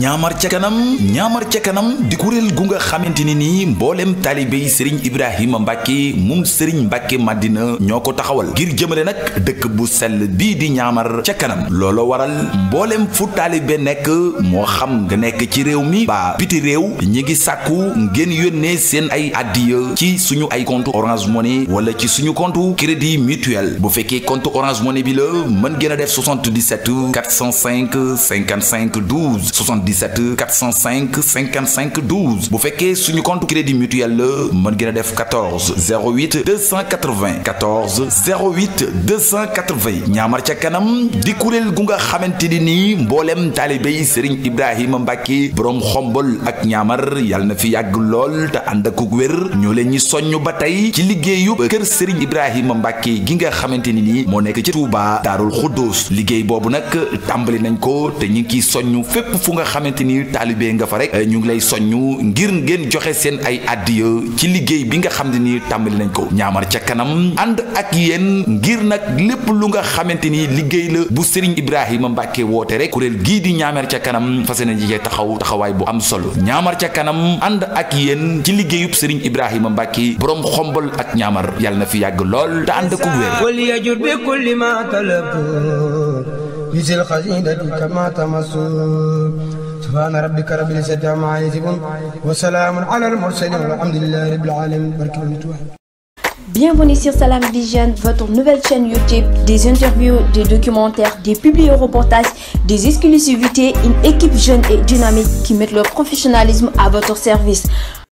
ñaamar ca kanam ñaamar ca kanam di kuréel gu nga xamante ne nii mbooleem taalibéy sëriñ ibrahima mbàkke moom sëriñ mbàkke madina ñoo ko taxawal ngir jëmale nag dëkk bu sell bii di ñaamar ca kanam loolo waral mbooleem fu taalibe nekk moo xam nga nekk ci réew mi ba biti réew ñu ngi sàkku ngeen yónnee seen ay addiya ci suñu ay compte orange money wala ci suñu compte crédit mutuel bu fekkee compte orange money bi la mën ngeen a def 77 405 55 12 77 405 55 12 bu fekkee suñu compte crédit mutuel la mën ngeen a def 14 08 280 14 08 280 ñaamar ca kanam di kuréel gu nga xamante ni nii mboolem taalibéy Serigne Ibrahima Mbacke borom xombol ak ñaamar yàlla na fi yàgg lool te ànd ak wér ñoo leen ñi soññ ba tey ci liggéeyu kër Serigne Ibrahima Mbacke gi nga xamante ni nii moo nekk ci Touba Daarul Xuddoos liggéey boobu nag tàmbali nañ ko te ñu ngi ciy soññ fépp fu nga xam xamante ni taalibe nga fa rek ñu ngi lay soññu ngir ngeen joxe seen ay addiya ci liggéey bi nga xam ne ni tàmbali nañ ko ñaamar ca kanam ànd ak yéen ngir nag lépp lu nga xamante ni liggéey la bu Serigne Ibrahima Mbacke woote rek kuréel gii di ñaamar ca kanam fas yéene ji taxaw taxawaay bu am solo ñaamar ca kanam ànd ak yéen ci liggéeyub Serigne Ibrahima Mbacke borom xombol ak ñaamar yàlla na fi yàgg lool te ànd akub wér. subhaana rabbika rabbil izzati ammaa yasifuun wa salaamun alal mursaliin walhamdulillaahi rabbil aalamiin barke Borom Tuuba Bienvenue sur des interviews, des documentaires, des publi des exclusivités, une équipe jeune et dynamique qui met leur professionnalisme à votre service.